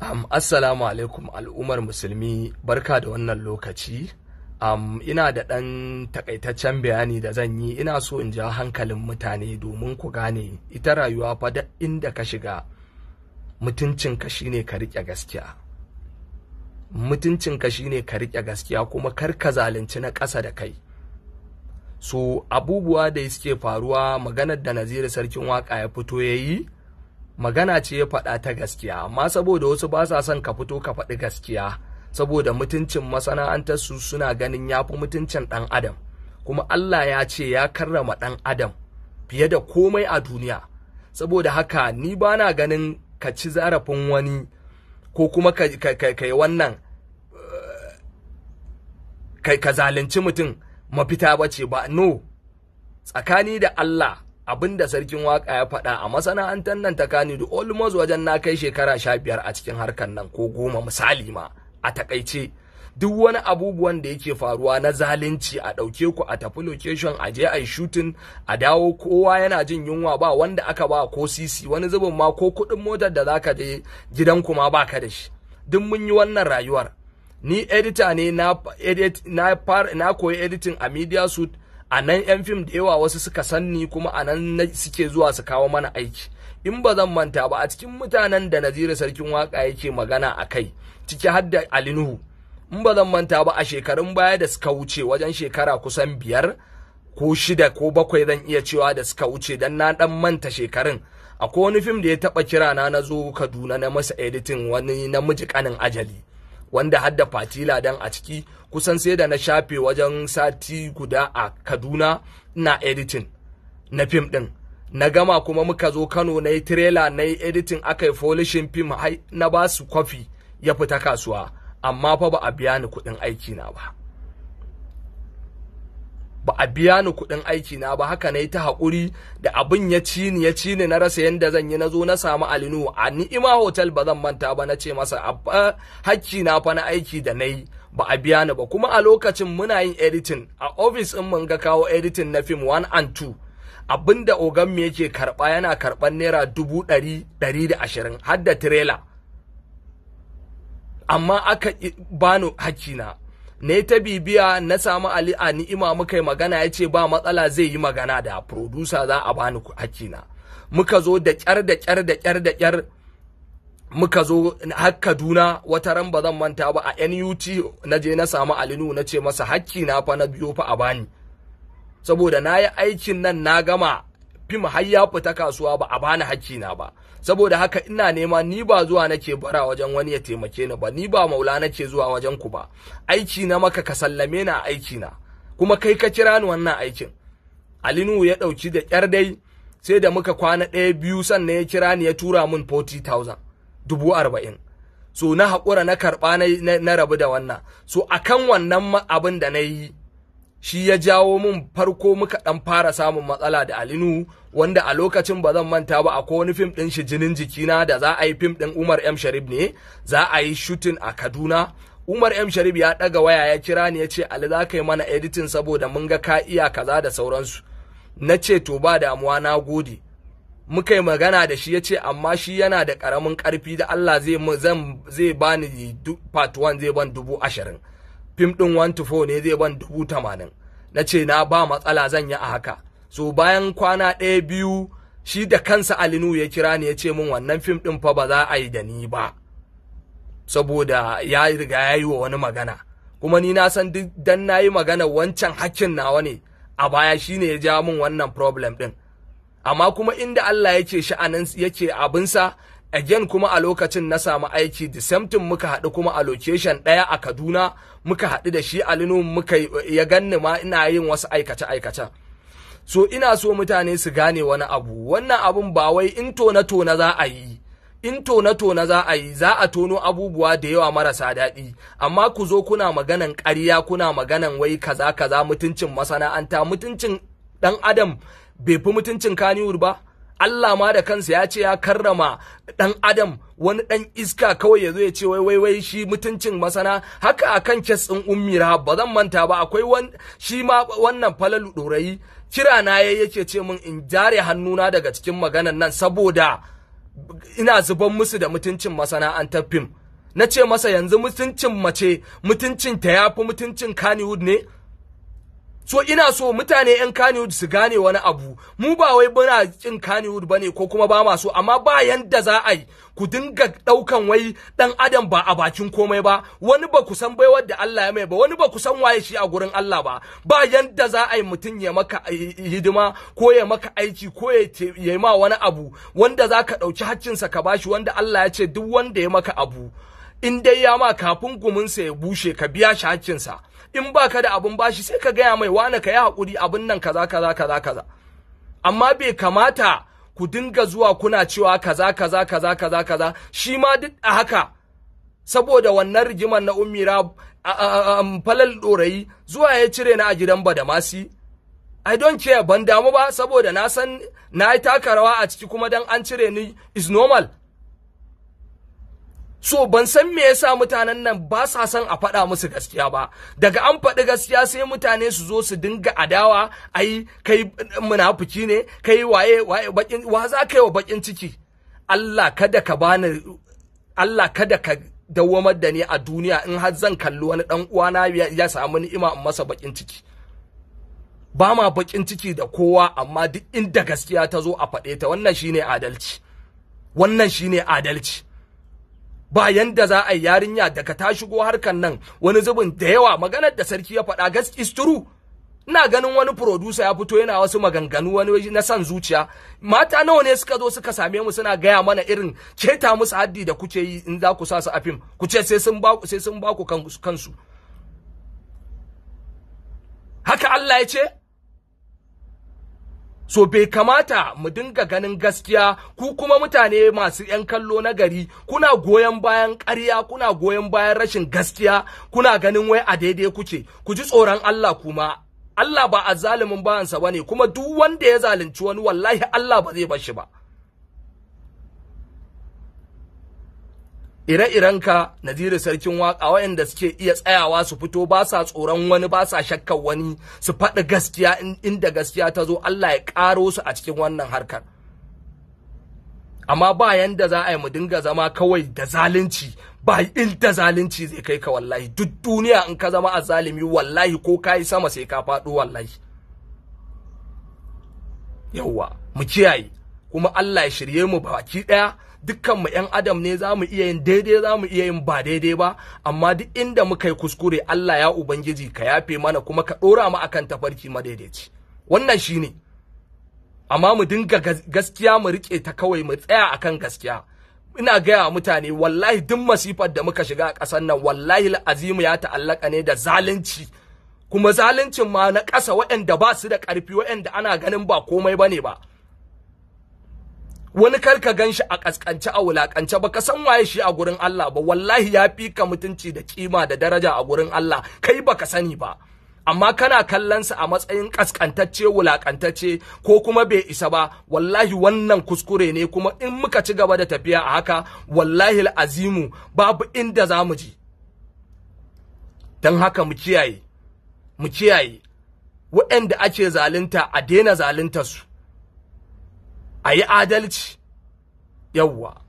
Um, assalamu alaikum al'ummar musulmi barka da wannan lokaci. Um, ina da ɗan takaitaccen bayani da zan yi ina so in ja hankalin mutane domin ku gane ita rayuwa fa da inda ka shiga mutuncinka shine ka riƙe gaskiya. Mutuncinka shine ka riƙe gaskiya kuma kar ka zalunci na ƙasa da kai. So abubuwa da suke faruwa maganar da Naziru sarkin waƙa ya fito ya yi magana ce ya faɗa ta gaskiya amma saboda wasu ba sa son ka fito ka faɗi gaskiya saboda mutuncin masana'antar su suna ganin ya fi mutuncin ɗan adam kuma Allah ya ce ya karrama ɗan adam fiye da komai a duniya saboda haka ni ba na ganin ka ci zarafin wani ko kuma ka yi wannan eh, ka zalunci mutum mafita ba ce ba no tsakani da Allah abin da sarkin waka ya faɗa a masana'antar nan ta kani da Olmos wajen na kai shekara sha biyar a cikin harkar nan ko goma misali ma a takaice duk wani abubuwan da yake faruwa na zalunci a ɗauke ku a tafi location a je a yi shooting a dawo kowa yana jin yunwa ba wanda aka ba ko sisi wani zubin ma ko kuɗin motar da zaka je gidan ma ba ka da shi duk mun yi wannan rayuwar ni edita ne na koyi editing a media suite a nan yan fim da yawa wasu suka sanni kuma a nan suke zuwa su kawo mana aiki in ba zan manta ba a cikin mutanen da Naziru sarkin waka yake magana a kai ciki har da Alinuhu in ba zan manta ba a shekarun baya da suka wuce wajen shekara kusan biyar ko shida ko bakwai zan iya cewa da suka wuce dan na dan manta shekarun akwai wani fim da ya taba kira na na zo Kaduna na masa editing wani namiji kanin ajali wanda hadda fatila dan a ciki kusan sai da na shafe wajen sati guda a kaduna na editing na fim din na gama kuma muka zo kano na yi tirela na yi editing aka yi folishin fim na ba su kwafi ya fita kasuwa amma fa ba a biya ni kudin aiki na ba ba a biya ni kuɗin aiki na ba haka na yi ta haƙuri da abin ya ci ni ya ci ni na rasa yadda zan yi na zo na samu alinu a ni'ima hotel ba zan manta ba na ce masa hakki na fa na aiki da na yi ba a biya ni ba kuma a lokacin muna yin editing a ofis in mun ga kawo editing na fim 1 and 2 abin da ogan me yake karba yana karɓar naira dubu ɗari ɗari da ashirin har da tirela amma aka bani hakki na ne ta bibiya na samu ali a ni'ima muka yi magana ya ce ba matsala zai yi magana da producer za a bani hakina muka zo da kyar da kyar da kyar da kyar muka zo har Kaduna wata ran ba zan manta ba a NUT na je na samu Alinu na ce masa hakki fa na biyo fa a bani saboda na yi aikin nan na gama fim har ya fita kasuwa ba a bani hakki na ba saboda haka ina nema ni ba zuwa nake bara wajen wani ya taimake ni ba ni ba maula nake zuwa wajen ku ba aiki na maka ka sallame na aiki na kuma kai ka kira ni wannan aikin alinu ya dauki da kyar dai sai da muka kwana ɗaya biyu sannan ya kira ni ya tura min 40,000 dubu arba'in so na hakura na karɓa na rabu da wannan so akan wannan abin da na yi shi ya jawo mun farko muka ɗan fara samun matsala da Alinu wanda a lokacin ba zan manta ba a wani fim ɗin shi jinin jikina da za a yi fim ɗin Umar M Sharif ne za a yi shutin a Kaduna Umar M Sharif ya ɗaga waya ya kira ni ya ce Ali za ka yi mana editin saboda mun ga ka iya kaza da sauransu na ce to ba damuwa na gode muka yi magana da shi ya ce amma shi yana da karamin karfi da Allah zai zai bani part 1 zai ban dubu ashirin fim ɗin 1 to 4 ne zai ban dubu tamanin na ce na ba matsala zan yi a haka so bayan kwana ɗaya biyu shi da kansa alinu ya kira ni ya ce min wannan fim ɗin fa ba za a yi da ni ba saboda ya riga ya yi wa wani magana kuma ni na san duk dan na yi magana wancan hakkin nawa ne a baya shi ne ya ja min wannan problem ɗin amma kuma inda Allah yake sha'anin yake abinsa again kuma a lokacin na samu aiki the same thing muka haɗu kuma a location ɗaya a Kaduna muka haɗu da shi a Linu muka ya ganni ma ina yin wasu aikace aikace so ina so mutane su gane wani abu wannan abun ba wai in tona tona za a yi in tona tona za a yi za a tono abubuwa da yawa marasa daɗi amma ku zo kuna maganan ƙarya kuna maganan wai kaza kaza mutuncin masana'anta mutuncin ɗan adam bai fi mutuncin kaniyur ba Allah ma da kansa ya ce ya karrama ɗan adam wani ɗan iska kawai ya zo ya ce wai wai wai shi mutuncin masana haka akan kes din ummira ba zan manta ba akwai shi ma wannan falalu dorayi kira na yayi yake ce min in jare hannuna daga cikin maganan nan saboda ina zuban musu da mutuncin An fim na ce masa yanzu mutuncin mace mutuncin ta yafi mutuncin Kannywood ne so ina so mutane yan Kannywood su gane wani abu mu ba wai muna cin ba ne ko kuma ba ma so amma ba yanda za a yi ku dinga daukan wai dan adam ba a bakin komai ba wani ba ku san bai wadda Allah ya mai ba wani ba ku san waye shi a gurin Allah ba ba yanda za a yi mutum ya maka eh, hidima ko ya maka aiki ko ya yi ma wani abu wanda za ka dauki haccinsa ka bashi wanda Allah ya ce duk wanda ya maka abu in dai ya ma kafin guminsa ya bushe ka biya shi hakkinsa in baka da abun bashi sai ka gaya mai wane ka yi haƙuri abin nan kaza kaza kaza kaza amma bai kamata ku dinga zuwa kuna cewa kaza kaza kaza kaza kaza shi ma duk a haka saboda wannan rigimar na umira falal ɗorayi zuwa ya cire na a gidan badamasi I don't care ban damu ba saboda na san na yi taka rawa a ciki kuma dan an cire ni is normal so ban san me yasa mutanen nan ba sa son a faɗa musu gaskiya ba daga an faɗi gaskiya sai mutane su zo su dinga adawa ai kai munafuki ne kai waye waye bakin wa za kai wa bakin ciki Allah kada ka bani Allah kada ka dawwamar da ni a duniya in har zan kalli wani dan uwana ya samu ni'ima in masa bakin ciki ba ma bakin ciki da kowa amma duk inda gaskiya ta zo a faɗe ta wannan shine adalci wannan shine adalci ba yanda za a yi yarinya daga ta shigo harkan nan wani zubin da yawa maganar da sarki ya faɗa gaskiya is true ina ganin wani producer ya fito yana wasu maganganu wani na san zuciya mata nawa ne suka zo suka same mu suna gaya mana irin keta musu haddi da kuke yi in za ku sa su a fim ku ce sai sun ba sai sun ba ku kansu haka Allah ya ce so bai kamata mu dinga ganin gaskiya ku kuma mutane masu 'yan kallo na gari kuna goyon bayan ƙarya kuna goyon bayan rashin gaskiya kuna ganin wai a daidai kuke ku ji tsoron Allah kuma Allah ba a zalimin bayansa ne kuma duk wanda ya zalunci wani wallahi Allah ba zai bashi ba ire-irenka Naziru sarkin waƙa, waɗanda suke iya tsayawa su fito ba sa tsoron wani ba sa shakkan wani su faɗi gaskiya inda gaskiya ta zo Allah ya ƙaro su a cikin wannan harkar amma ba yanda za a yi mu dinga zama kawai da zalunci ba inda zalunci zai kai ka wallahi duk duniya in ka zama a zalimi wallahi ko ka yi sama sai ka faɗo wallahi yawwa mu kiyaye kuma Allah ya shirye mu baki ɗaya dukkan mu 'yan adam ne za mu iya yin daidai za mu iya yin ba daidai ba amma duk inda muka yi kuskure Allah ya ubangiji ka yafe mana kuma ka ɗora mu akan tafarki madaidaici wannan shi ne. amma mu dinga gaskiya mu riƙe ta kawai mu tsaya akan gaskiya ina gaya mutane wallahi duk masifar da muka shiga a ƙasar nan wallahi azimu ya ta'allaka ne da zalunci kuma zaluncin ma na ƙasa waɗanda ba su da ƙarfi waɗanda ana ganin ba komai bane ba wani kar ka ganshi a kaskance a wulakance ba ka san waye shi a gurin Allah ba wallahi ya fi ka mutunci da kima da daraja a gurin Allah kai ba ka sani ba amma kana kallon sa a matsayin kaskantacce wulakantacce ko kuma bai isa ba wallahi wannan kuskure ne kuma in muka ci gaba da tafiya a haka wallahi azimu babu inda za mu ji. don haka mu kiyaye mu kiyaye waɗanda ake zalunta a daina zaluntar su a yi adalci yawwa